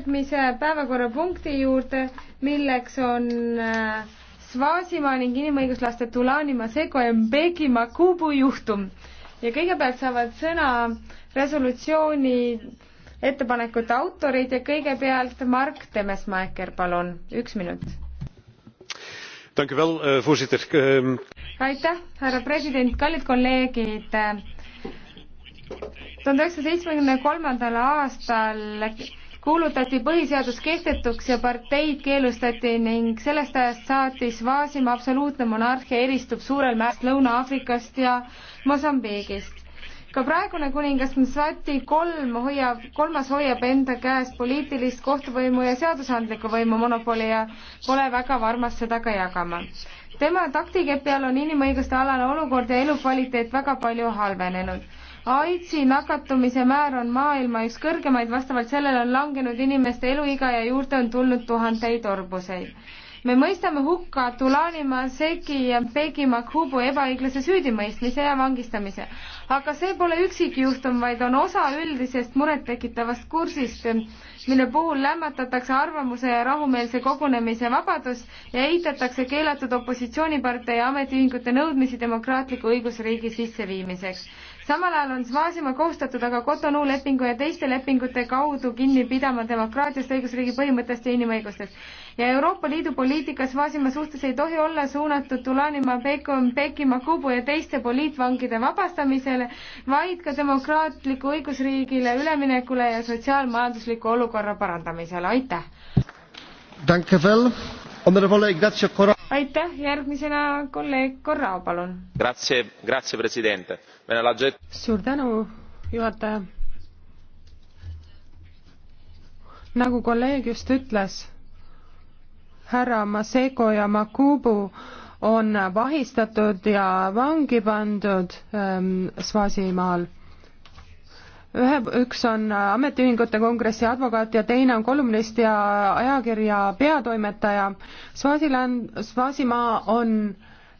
järgmise päevakorrapunkti juurde, milleks on äh, Svaasimaa ning inimõiguslaste Tulani Maseko ja Mbeki Makubu juhtum. ja kõigepealt saavad sõna resolutsiooni ettepanekute autorid ja kõigepealt Mark Temesmaeker, palun, üks minut. Eh, ehm, aitäh, härra president, kallid kolleegid tuhande üheksasaja seitsmekümne kolmandal aastal kuulutati põhiseadus kehtetuks ja parteid keelustati ning sellest ajast saatis Vaasima absoluutne monarhia eristub suurel määral Lõuna-Aafrikast ja Mosambiigist. ka praegune kuningas Mswati kolm hoiab, kolmas hoiab enda käes poliitilist kohtuvõimu ja seadusandliku võimu monopoli ja pole väga varmas seda ka jagama tema taktikepi all on inimõiguste alane olukord ja elukvaliteet väga palju halvenenud AIDSi nakatumise määr on maailma üks kõrgemaid, vastavalt sellele on langenud inimeste eluiga ja juurde on tulnud tuhandeid orbuseid. me mõistame hukka Tulani Maseki ja Pegi Makhubu ebaõiglase süüdimõistmise ja vangistamise. aga see pole üksikjuhtum, vaid on osa üldisest murettekitavast kursist, mille puhul lämmatatakse arvamuse ja rahumeelse kogunemise vabadus ja eitatakse keelatud opositsioonipartei ja ametiühingute nõudmisi demokraatliku õigusriigi sisseviimiseks samal ajal on Svaasimaa kohustatud aga Cotonou lepingu ja teiste lepingute kaudu kinni pidama demokraatiast, õigusriigi põhimõttest ja inimõigustest. ja Euroopa Liidu poliitika Svaasimaa suhtes ei tohi olla suunatud Tulani Mabeko, Mbeki Makubu ja teiste poliitvangide vabastamisele, vaid ka demokraatliku õigusriigile üleminekule ja sotsiaalmajandusliku olukorra parandamisele, aitäh! aitäh, järgmisena kolleeg Korrao, palun. suur tänu, juhataja. nagu kolleeg just ütles, härra Maseko ja Makubu on vahistatud ja vangi pandud ähm, Svasimaal ühe, üks on äh, Ametiühingute Kongressi advokaat ja teine on kolumnist ja ajakirja peatoimetaja. Swaziland, Swasimaa on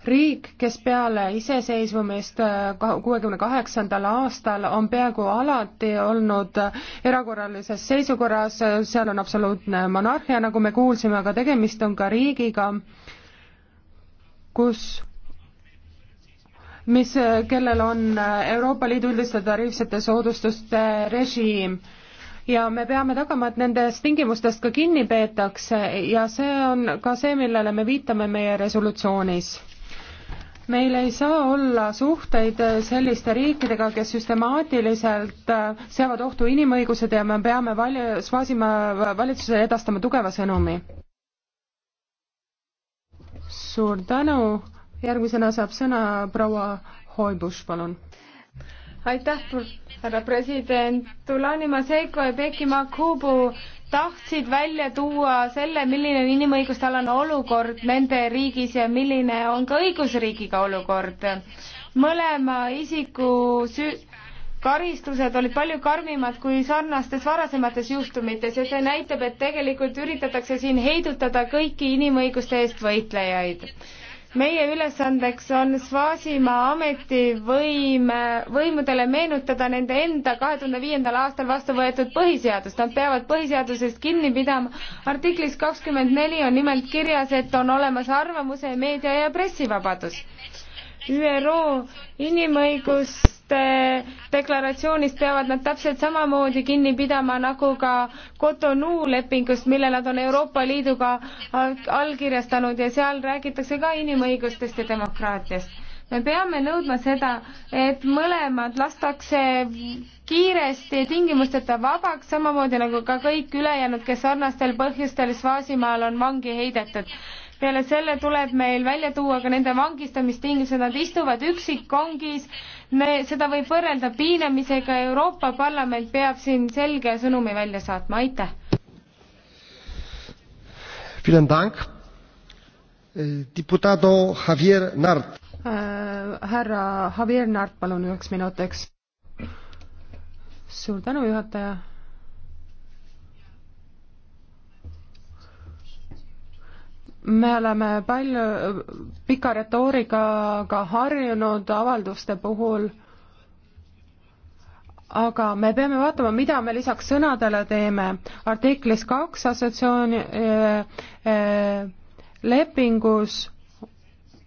riik, kes peale iseseisvumist äh, kuuekümne kaheksandal aastal on peaaegu alati olnud äh, erakorralises seisukorras, seal on absoluutne monarhia, nagu me kuulsime, aga tegemist on ka riigiga, kus mis, kellel on Euroopa Liidu üldiste tariifsete soodustuste režiim ja me peame tagama, et nendest tingimustest ka kinni peetakse ja see on ka see, millele me viitame meie resolutsioonis. meil ei saa olla suhteid selliste riikidega, kes süstemaatiliselt seavad ohtu inimõigused ja me peame val-, Svaasimaa valitsusele edastama tugeva sõnumi. suur tänu järgmisena saab sõna proua Hoibuš, palun. aitäh, härra president. Tulanima Seiko ja Pekima Kubu tahtsid välja tuua selle, milline on inimõiguste alane olukord nende riigis ja milline on ka õigusriigiga olukord. mõlema isiku süü-, karistused olid palju karmimad kui sarnastes varasemates juhtumites ja see näitab, et tegelikult üritatakse siin heidutada kõiki inimõiguste eest võitlejaid meie ülesandeks on Svaasimaa ametivõim, võimudele meenutada nende enda kahe tuhande viiendal aastal vastu võetud põhiseadust. Nad peavad põhiseadusest kinni pidama. artiklis kakskümmend neli on nimelt kirjas, et on olemas arvamuse, meedia ja pressivabadus ÜRO inimõiguste deklaratsioonist peavad nad täpselt samamoodi kinni pidama nagu ka Cotonou lepingust, mille nad on Euroopa Liiduga allkirjastanud ja seal räägitakse ka inimõigustest ja demokraatiast. me peame nõudma seda, et mõlemad lastakse kiiresti ja tingimusteta vabaks, samamoodi nagu ka kõik ülejäänud, kes sarnastel põhjustel Svaasimaal on vangi heidetud peale selle tuleb meil välja tuua ka nende vangistamistingimused, nad istuvad üksikkongis, me, seda võib võrrelda piinamisega, Euroopa Parlament peab siin selge sõnumi välja saatma, aitäh! Eh, diputado Javier Nart äh,. härra Javier Nart, palun üheks minutiks. suur tänu, juhataja me oleme palju pika retoorikaga harjunud avalduste puhul, aga me peame vaatama, mida me lisaks sõnadele teeme. artiklis kaks assotsiooni äh, eh, äh, eh, lepingus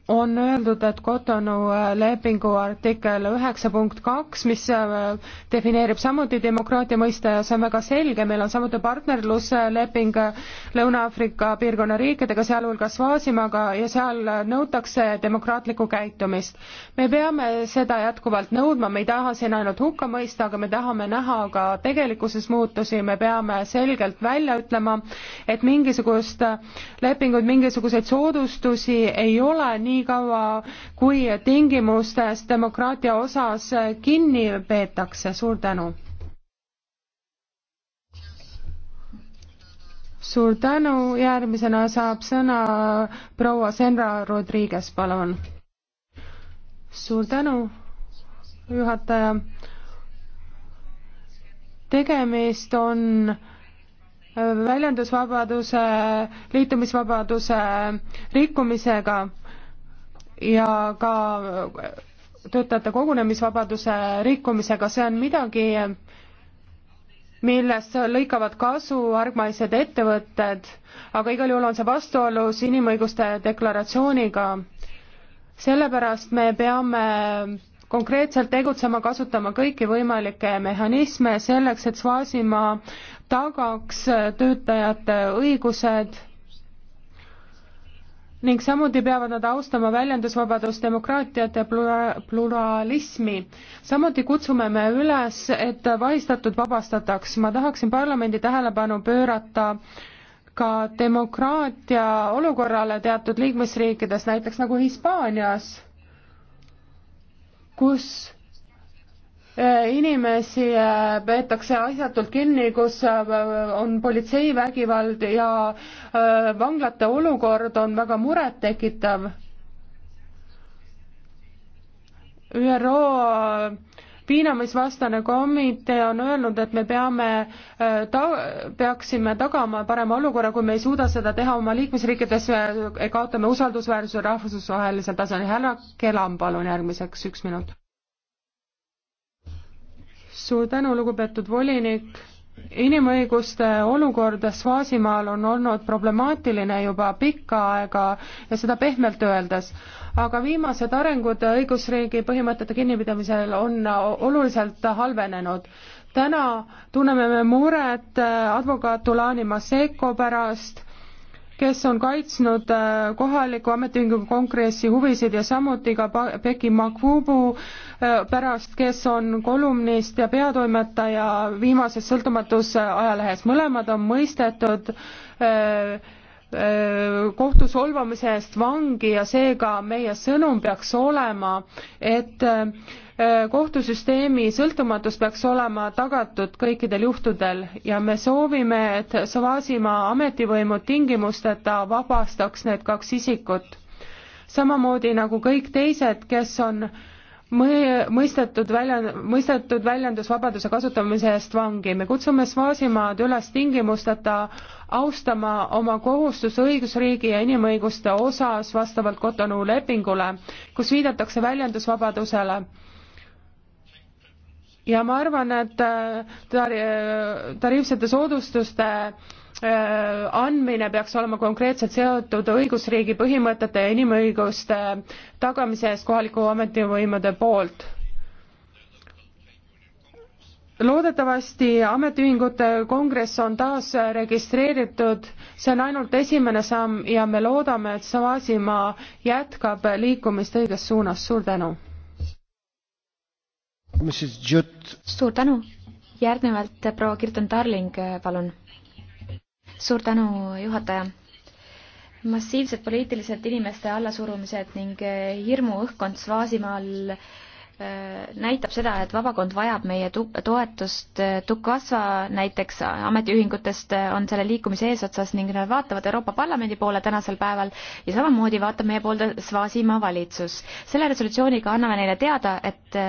on öeldud, et Cotonou äh, lepingu artikkel üheksa punkt kaks, mis äh, defineerib samuti demokraatia mõiste ja see on väga selge, meil on samuti partnerlusleping äh, Lõuna-Aafrika piirkonna riikidega, sealhulgas Vaasimaga ja seal nõutakse demokraatlikku käitumist. me peame seda jätkuvalt nõudma, me ei taha siin ainult hukka mõista, aga me tahame näha ka tegelikkuses muutusi, me peame selgelt välja ütlema, et mingisugust lepingut, mingisuguseid soodustusi ei ole, nii niikaua, kui tingimustest demokraatia osas kinni peetakse. suur tänu. suur tänu, järgmisena saab sõna proua Senra Rodriguez, palun. suur tänu, juhataja. tegemist on väljendusvabaduse, liitumisvabaduse rikkumisega ja ka töötajate kogunemisvabaduse rikkumisega, see on midagi, millest lõikavad kasu argmaised ettevõtted, aga igal juhul on see vastuolus inimõiguste deklaratsiooniga. sellepärast me peame konkreetselt tegutsema, kasutama kõiki võimalikke mehhanisme selleks, et Svaasimaa tagaks töötajate õigused ning samuti peavad nad austama väljendusvabadust, demokraatiat ja pluralismi. samuti kutsume me üles, et vahistatud vabastataks. ma tahaksin parlamendi tähelepanu pöörata ka demokraatia olukorrale teatud liikmesriikides, näiteks nagu Hispaanias, kus Äh, inimesi äh, peetakse asjatult kinni, kus äh, on politseivägivald ja vanglate olukord on väga murettekitav. ÜRO piinamisvastane komitee on öelnud, et me peame ta-, peaksime tagama parema olukorra, kui me ei suuda seda teha oma liikmesriikides, kaotame usaldusväärsuse rahvusvahelisel tasandil. härra Kelam, palun järgmiseks üks minut suur tänu, lugupeetud volinik. inimõiguste olukord Svaasimaal on olnud problemaatiline juba pikka aega ja seda pehmelt öeldes, aga viimased arengud õigusriigi põhimõtete kinnipidamisel on oluliselt halvenenud täna tunneme me muret advokaat Ulani Maseko pärast, kes on kaitsnud kohaliku ametiühingu kongressi huvisid ja samuti ka Beki Makvubu Äh, pärast, kes on kolumnist ja peatoimetaja viimases Sõltumatus äh, ajalehes. mõlemad on mõistetud äh, kohtu solvamise eest vangi ja seega meie sõnum peaks olema, et kohtusüsteemi sõltumatus peaks olema tagatud kõikidel juhtudel ja me soovime, et Savasimaa ametivõimud tingimusteta vabastaks need kaks isikut. samamoodi nagu kõik teised, kes on äh, mõistetud välja, mõistetud väljendusvabaduse kasutamise eest vangi. me kutsume Svaasimaad üles tingimusteta austama oma kohustust õigusriigi ja inimõiguste osas vastavalt Cotonou lepingule, kus viidatakse väljendusvabadusele ja ma arvan, et äh, tar-, äh, tariifsete soodustuste äh, andmine peaks olema konkreetselt seotud õigusriigi põhimõtete ja inimõiguste tagamise eest kohaliku ametivõimude poolt. loodetavasti ametiühingute kongress on taas registreeritud, see on ainult esimene samm ja me loodame, et Savasimaa jätkab liikumist õiges suunas, suur tänu! suur tänu, järgnevalt proua Kirton Darling, palun. suur tänu, juhataja massiivsed poliitilised inimeste allasurumised ning hirmuõhkkond Svaasimaal Äh, näitab seda, et vabakond vajab meie tu-, toetust, äh, Tukasva näiteks ametiühingutest äh, on selle liikumise eesotsas ning nad vaatavad Euroopa Parlamendi poole tänasel päeval ja samamoodi vaatab meie poolde Svaasimaa valitsus. selle resolutsiooniga anname neile teada, et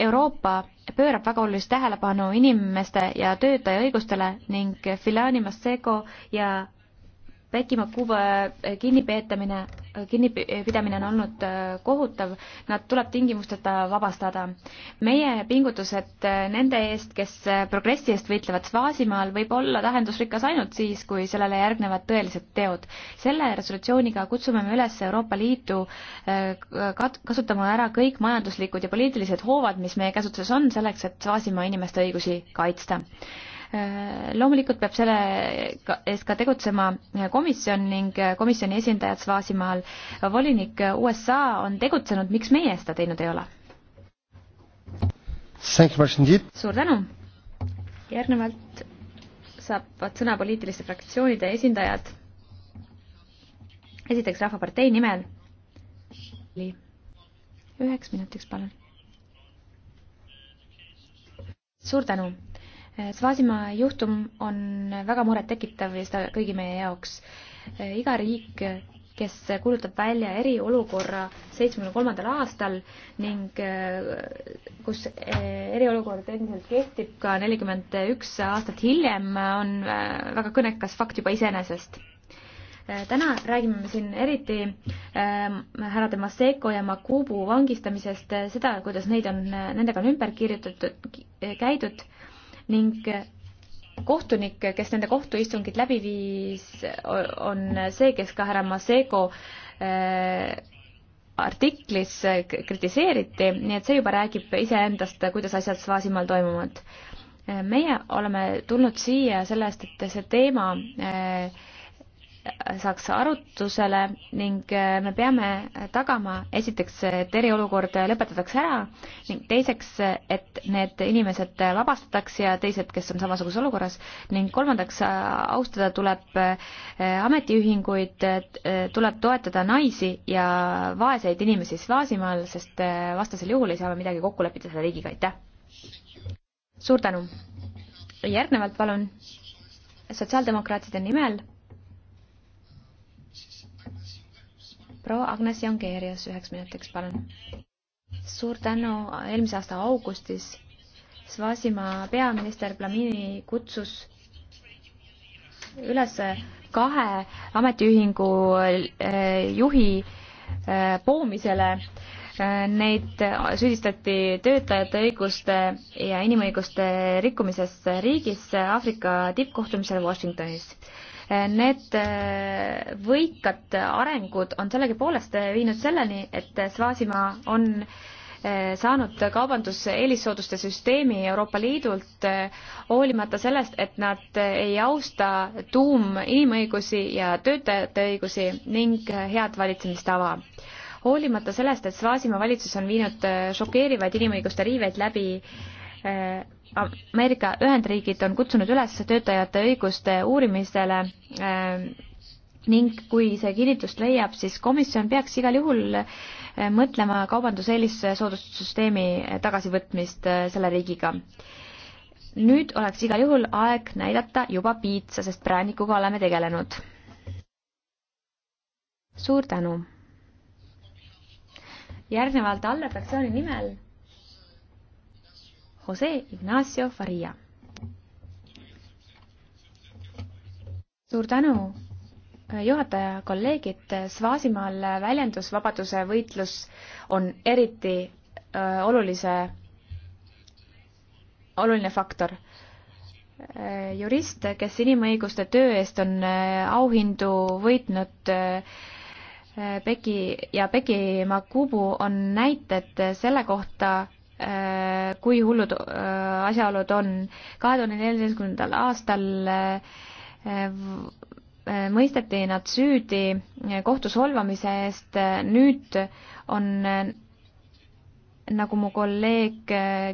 Euroopa pöörab väga olulist tähelepanu inimeste ja töötaja õigustele ning Filani Masego ja Beki Makube eh, kinnipeetamine, eh, kinnipidamine on olnud eh, kohutav, nad tuleb tingimusteta vabastada. meie pingutused nende eest, kes progressi eest võitlevad Svaasimaal, võib olla tähendusrikas ainult siis, kui sellele järgnevad tõelised teod. selle resolutsiooniga kutsume me üles Euroopa Liitu kasutama ära kõik majanduslikud ja poliitilised hoovad, mis meie käsutuses on, selleks et Svaasimaa inimeste õigusi kaitsta Äh, loomulikult peab selle eest ka tegutsema äh, komisjon ning äh, komisjoni esindajad Svaasimaal. volinik USA on tegutsenud, miks meie seda teinud ei ole? suur tänu! järgnevalt saavad sõna poliitiliste fraktsioonide esindajad. esiteks Rahvapartei nimel. üheks minutiks, palun. suur tänu Svaasimaa juhtum on väga murettekitav ja seda kõigi meie jaoks. iga riik, kes kuulutab välja eriolukorra seitsmekümne kolmandal aastal ning eh, kus eh, eriolukord endiselt kehtib ka nelikümmend üks aastat hiljem, on eh, väga kõnekas fakt juba iseenesest. täna räägime me siin eriti härrade Maseko ja Makubu vangistamisest, seda, kuidas neid on, nendega on ümber kirjutatud, käidud ning kohtunik, kes nende kohtuistungid läbi viis, on see, kes ka härra Masego äh, artiklis kritiseeriti, nii et see juba räägib iseendast, kuidas asjad Svaasimaal toimuvad. meie oleme tulnud siia sellest, et see teema äh, saaks arutusele ning äh, me peame tagama esiteks, et eriolukord lõpetatakse ära ning teiseks, et need inimesed vabastataks ja teised, kes on samasuguses olukorras ning kolmandaks, austada tuleb äh, ametiühinguid, äh, tuleb toetada naisi ja vaeseid inimesi Svaasimaal, sest vastasel juhul ei saa me midagi kokku leppida selle riigiga, aitäh! suur tänu! järgnevalt palun sotsiaaldemokraatide nimel proua Agnes Jangeerius üheks minutiks, palun. suur tänu, eelmise aasta augustis Svasimaa peaminister Blamini kutsus üles kahe ametiühingu eh, juhi eh, poomisele eh, Neid süüdistati töötajate õiguste ja inimõiguste rikkumises riigis Aafrika tippkohtumisel Washingtonis. Need äh, võikad arengud on sellegipoolest äh, viinud selleni, et äh, Svaasimaa on saanud kaubanduseelisooduste süsteemi Euroopa Liidult, hoolimata sellest, et nad ei austa tuum inimõigusi ja töötajate õigusi ning head valitsemistava. hoolimata sellest, et Svaasimaa valitsus on viinud šokeerivaid inimõiguste riiveid läbi Ameerika Ühendriigid on kutsunud üles töötajate õiguste uurimisele ähm, ning kui see kinnitust leiab, siis komisjon peaks igal juhul äh, mõtlema kaubanduseelissoodustussüsteemi tagasivõtmist äh, selle riigiga. nüüd oleks igal juhul aeg näidata juba piitsa, sest präänikuga oleme tegelenud. suur tänu! järgnevalt Alle fraktsiooni nimel Jose Ignacio Faria. suur tänu, äh, juhataja, kolleegid, Svaasimaal väljendusvabaduse võitlus on eriti öö, äh, olulise, oluline faktor äh, jurist, kes inimõiguste töö eest on auhindu võitnud Peki ja Peki Makubu on näited selle kohta, Äh, kui hullud äh, asjaolud on. kahe tuhande neljateistkümnendal aastal äh, mõisteti nad süüdi kohtu solvamise eest, nüüd on nagu mu kolleeg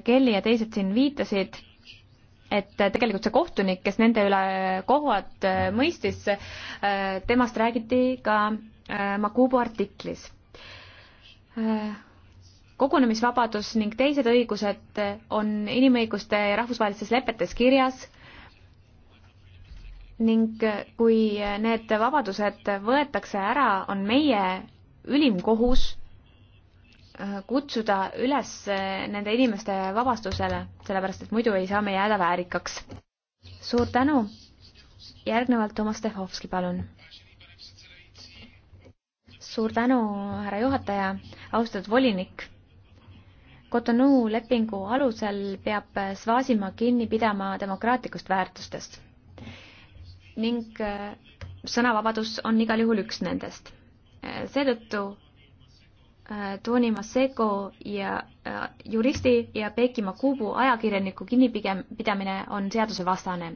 Kelly ja teised siin viitasid, et tegelikult see kohtunik, kes nende üle kohut mõistis, temast räägiti ka Makubu artiklis kogunemisvabadus ning teised õigused on inimõiguste ja rahvusvahelistes lepetes kirjas ning kui need vabadused võetakse ära, on meie ülim kohus äh, kutsuda üles nende inimeste vabastusele, sellepärast et muidu ei saa me jääda väärikaks. suur tänu. järgnevalt Toomas Stehhovski, palun. suur tänu, härra juhataja, austatud volinik Cotonou lepingu alusel peab Svaasimaa kinni pidama demokraatlikust väärtustest ning äh, sõnavabadus on igal juhul üks nendest. Äh, seetõttu Äh, Toni Maseko ja äh, juristi ja Pekima Kubu ajakirjaniku kinnipidamine on seadusevastane.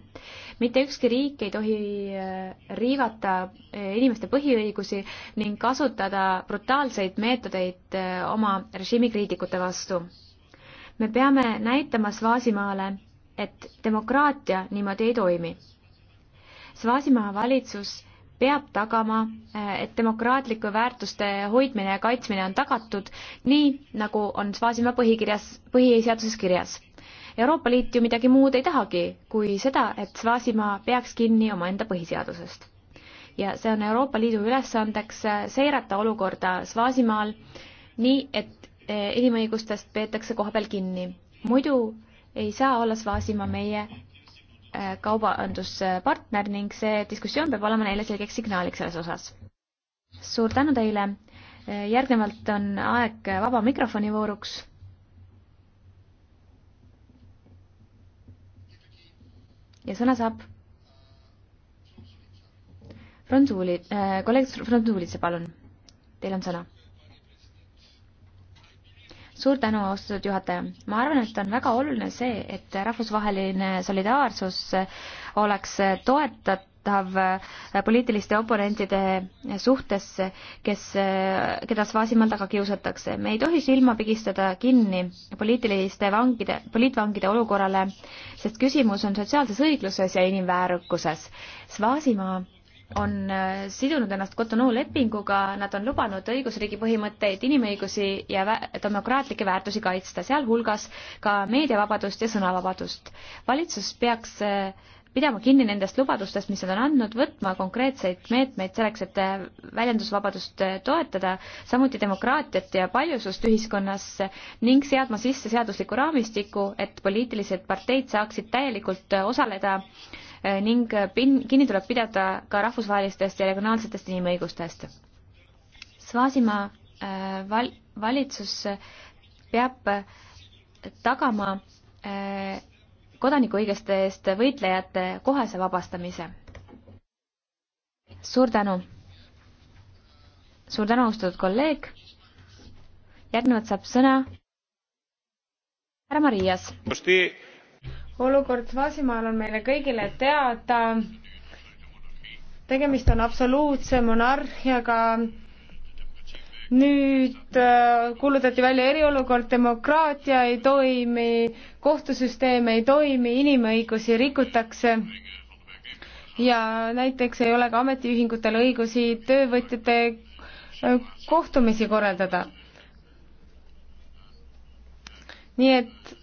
mitte ükski riik ei tohi äh, riivata inimeste põhiõigusi ning kasutada brutaalseid meetodeid oma režiimi kriitikute vastu. me peame näitama Svaasimaale, et demokraatia niimoodi ei toimi. Svaasimaa valitsus peab tagama, äh, et demokraatlike väärtuste hoidmine ja kaitsmine on tagatud, nii nagu on Svaasimaa põhikirjas, põhiseaduses kirjas. Euroopa Liit ju midagi muud ei tahagi, kui seda, et Svaasimaa peaks kinni omaenda põhiseadusest. ja see on Euroopa Liidu ülesandeks äh, seirata olukorda Svaasimaal nii, et äh, inimõigustest peetakse kohapeal kinni. muidu ei saa olla Svaasimaa meie kaubanduspartner ning see diskussioon peab olema neile selgeks signaaliks selles osas. suur tänu teile, järgnevalt on aeg vaba mikrofoni vooruks. ja sõna saab Frunzuli, äh, kolleeg Frunzulitse, palun, teil on sõna suur tänu, austatud juhataja. ma arvan, et on väga oluline see, et rahvusvaheline solidaarsus oleks toetatav poliitiliste oponentide suhtes, kes, keda Svaasimaal taga kiusatakse. me ei tohi silma pigistada kinni poliitiliste vangide, poliitvangide olukorrale, sest küsimus on sotsiaalses õigluses ja inimväärikuses. Svaasimaa on äh, sidunud ennast Cotonou lepinguga, nad on lubanud õigusriigi põhimõtteid, inimõigusi ja vä demokraatlikke väärtusi kaitsta, sealhulgas ka meediavabadust ja sõnavabadust. valitsus peaks äh, pidama kinni nendest lubadustest, mis nad on andnud, võtma konkreetseid meetmeid selleks, et äh, väljendusvabadust toetada, samuti demokraatiat ja paljusust ühiskonnas ning seadma sisse seadusliku raamistiku, et poliitilised parteid saaksid täielikult osaleda äh, Eh, ning eh, pin-, kinni tuleb pidada ka rahvusvahelistest ja regionaalsetest inimõigustest. Svaasimaa eh, val-, valitsus peab tagama kodanikuõiguste eest võitlejate kohese vabastamise. suur tänu! suur tänu, austatud kolleeg! järgnevalt saab sõna härra Marias olukord Svaasimaal on meile kõigile teada. tegemist on absoluutse monarhiaga. nüüd äh, kuulutati välja eriolukord, demokraatia ei toimi, kohtusüsteem ei toimi, inimõigusi rikutakse ja näiteks ei ole ka ametiühingutel õigusi töövõtjate äh, kohtumisi korraldada. nii et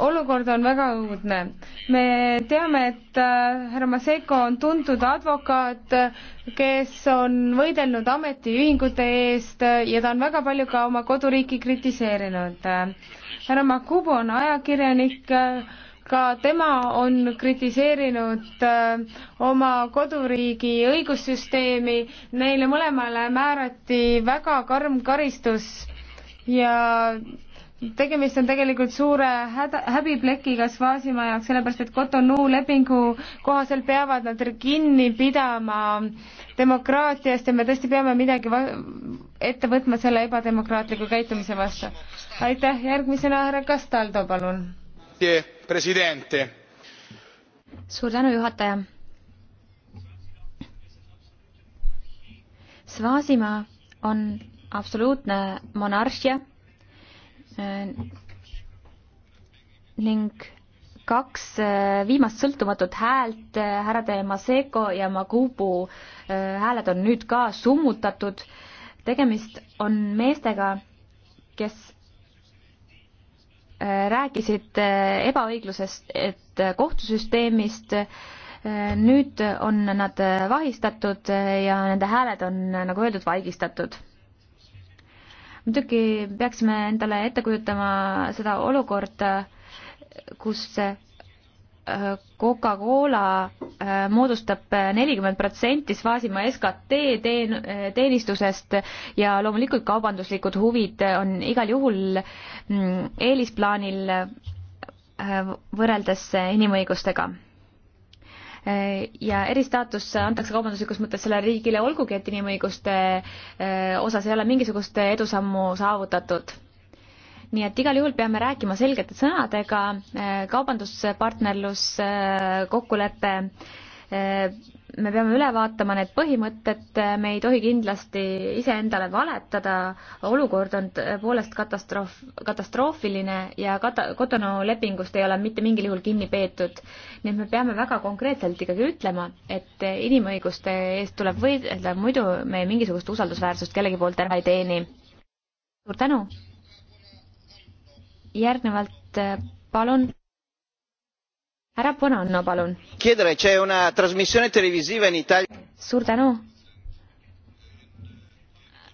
olukord on väga õudne. me teame, et äh, härra Maseko on tuntud advokaat, kes on võidelnud ametiühingute eest äh, ja ta on väga palju ka oma koduriiki kritiseerinud. härra Makubu on ajakirjanik, äh, ka tema on kritiseerinud oma koduriigi õigussüsteemi, neile mõlemale määrati väga karm karistus ja tegemist on tegelikult suure häda, häbiplekiga Svaasimaa jaoks, sellepärast et Cotonou lepingu kohaselt peavad nad kinni pidama demokraatiast ja me tõesti peame midagi ette võtma selle ebademokraatliku käitumise vastu. aitäh, järgmisena härra Castaldo, palun. suur tänu, juhataja. Svaasimaa on absoluutne monarhia Äh, ning kaks äh, viimast sõltumatut häält, äh, härrade Maseko ja Magubu hääled on nüüd ka summutatud. tegemist on meestega, kes rääkisid ebaõiglusest, et kohtusüsteemist. nüüd on nad vahistatud ja nende hääled on, nagu öeldud, vaigistatud muidugi peaksime endale ette kujutama seda olukorda, kus äh, Coca-Cola äh, moodustab äh, nelikümmend protsenti Svaasimaa SKT teen-, teenistusest ja loomulikult kaubanduslikud huvid on igal juhul mm, eelisplaanil võrreldes inimõigustega Eh, ja eristaatus antakse kaubanduslikus mõttes sellele riigile, olgugi et inimõiguste eh, osas ei ole mingisugust edusammu saavutatud. nii et igal juhul peame rääkima selgete sõnadega, eh, kaubanduspartnerlus, kokkulepe me peame üle vaatama need põhimõtted, me ei tohi kindlasti iseendale valetada, olukord on tõepoolest katastroof, katastroofiline ja kata-, Cotonou lepingust ei ole mitte mingil juhul kinni peetud. nii et me peame väga konkreetselt ikkagi ütlema, et inimõiguste eest tuleb võidelda, muidu me mingisugust usaldusväärsust kellegi poolt ära ei teeni. suur tänu! järgnevalt palun härra Bonanno, palun. suur tänu.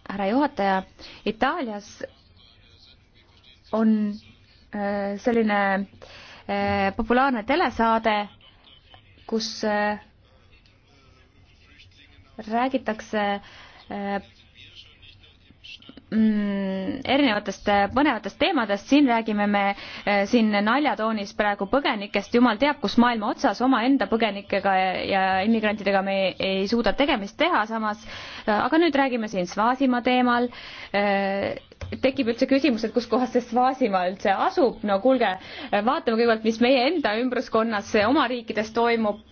härra juhataja, Itaalias on äh, selline äh, populaarne telesaade, kus äh, räägitakse mm, erinevatest põnevatest teemadest, siin räägime me eh, siin naljatoonis praegu põgenikest, jumal teab, kus maailma otsas omaenda põgenikega ja, ja immigrantidega me ei, ei suuda tegemist teha samas, aga nüüd räägime siin Svaasimaa teemal äh,, tekib üldse küsimus, et kuskohas see Svaasimaa üldse asub, no kuulge, vaatame kõigepealt, mis meie enda ümbruskonnas oma riikides toimub,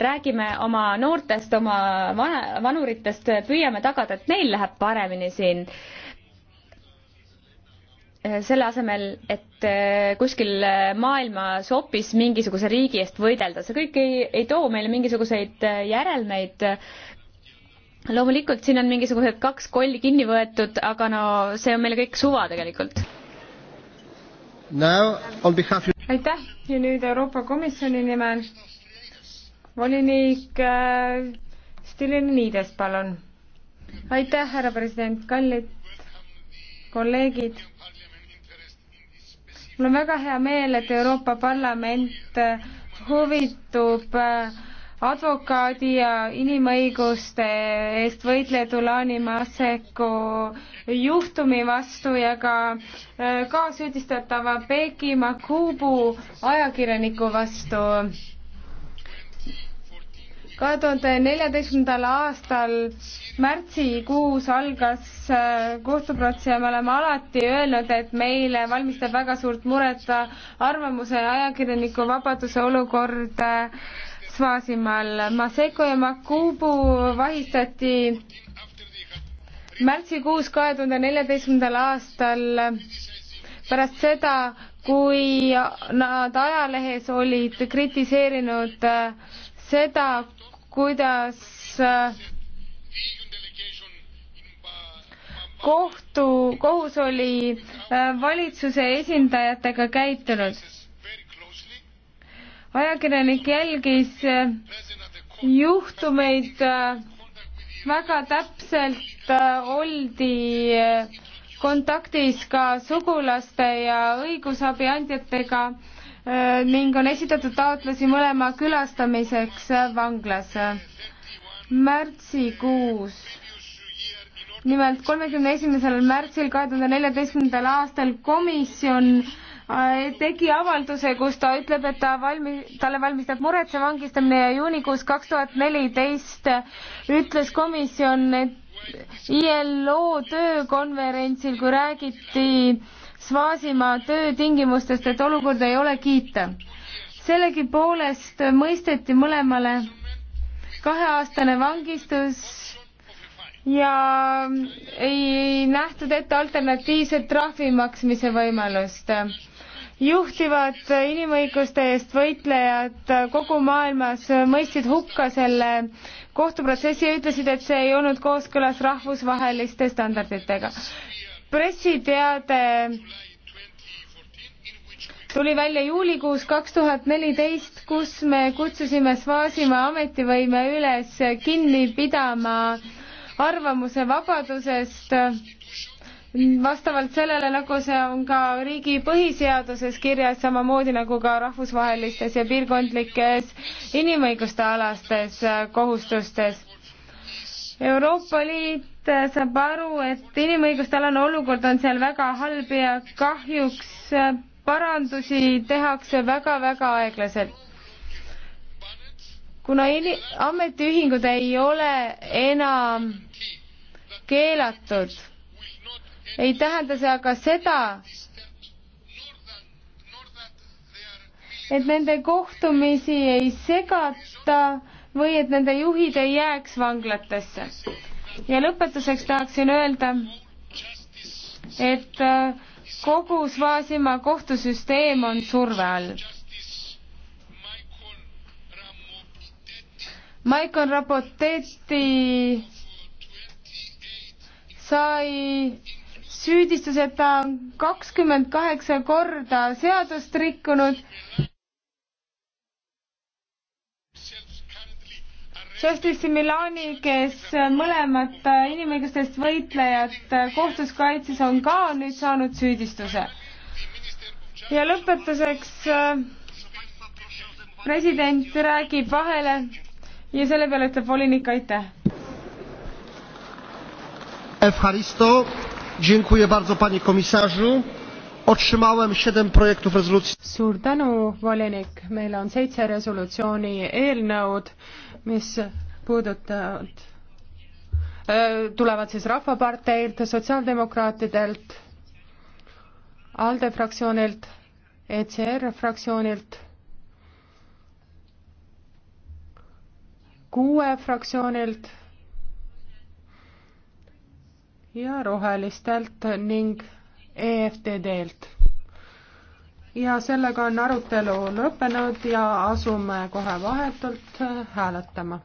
räägime oma noortest, oma vana, vanuritest, püüame tagada, et neil läheb paremini siin. selle asemel, et kuskil maailmas hoopis mingisuguse riigi eest võidelda, see kõik ei, ei too meile mingisuguseid järelmeid, loomulikult siin on mingisugused kaks kolli kinni võetud, aga no see on meile kõik suva tegelikult. Behalf... aitäh ja nüüd Euroopa Komisjoni nimel volinik äh, Stilinides, palun. aitäh, härra president, kallid kolleegid. mul on väga hea meel, et Euroopa Parlament äh, huvitub äh, advokaadi ja inimõiguste eest võitleja Tulani Maseku juhtumi vastu ja ka äh, kaasüüdistatava Beki Makubu ajakirjaniku vastu. kahe tuhande neljateistkümnendal aastal märtsikuus algas äh, kohtuprotsess ja me oleme alati öelnud, et meile valmistab väga suurt muret arvamuse ja ajakirjaniku vabaduse olukord äh, Svaasimaal. Maseko ja Makubu vahistati märtsikuus kahe tuhande neljateistkümnendal aastal pärast seda, kui nad ajalehes olid kritiseerinud äh, seda, kuidas äh, kohtu, kohus oli äh, valitsuse esindajatega käitunud ajakirjanik jälgis äh, juhtumeid äh, väga täpselt, äh, oldi kontaktis ka sugulaste ja õigusabiandjatega ning on esitatud taotlusi mõlema külastamiseks vanglas. märtsikuus, nimelt kolmekümne esimesel märtsil kahe tuhande neljateistkümnendal aastal komisjon Äh, tegi avalduse, kus ta ütleb, et ta valmi-, talle valmistab muret see vangistamine ja juunikuus kaks tuhat neliteist ütles komisjon, et ILO töökonverentsil, kui räägiti Svaasimaa töötingimustest, et olukorda ei ole kiita. sellegipoolest mõisteti mõlemale kaheaastane vangistus ja ei nähtud ette alternatiivset trahvi maksmise võimalust juhtivad inimõiguste eest võitlejad kogu maailmas mõistsid hukka selle kohtuprotsessi ja ütlesid, et see ei olnud kooskõlas rahvusvaheliste standarditega. pressiteade tuli välja juulikuus kaks tuhat neliteist, kus me kutsusime Svaasimaa ametivõime üles kinni pidama arvamuse vabadusest vastavalt sellele, nagu see on ka riigi põhiseaduses kirjas, samamoodi nagu ka rahvusvahelistes ja piirkondlikes inimõiguste alastes äh, kohustustes. Euroopa Liit äh, saab aru, et inimõiguste alane olukord on seal väga halb ja kahjuks äh, parandusi tehakse väga-väga aeglaselt kuna ini-, ametiühingud ei ole enam keelatud ei tähenda see aga seda, et nende kohtumisi ei segata või et nende juhid ei jääks vanglatesse. ja lõpetuseks tahaksin öelda, et äh, kogu Svaasimaa kohtusüsteem on surve all. Maicon Rapoteti sai süüdistuseta kakskümmend kaheksa korda seadust rikkunud. Justice Milani, kes mõlemat inimõigustest võitlejat kohtus kaitses, on ka nüüd saanud süüdistuse. ja lõpetuseks president räägib vahele ja selle peale ütleb volinik aitäh. Evharisto dziękuję bardzo panie komisarzu otrzymałem siedem projektów rezolucji suur tänu volinik meil on seitse resolutsiooni eelnõud mis puudutavad äh, tulevad siis rahvaparteilt sotsiaaldemokraatidelt ALDE fraktsioonilt ECR fraktsioonilt kuue fraktsioonilt ja Rohelistelt ning EFTD-lt. ja sellega on arutelu lõppenud ja asume kohe vahetult hääletama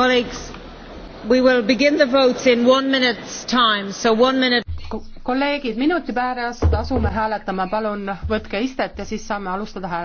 colleagues we will begin the votes in one minute's time so one minute kolleegid minuti pärast asume hääletama palun võtke istet ja siis saame alustada hääletust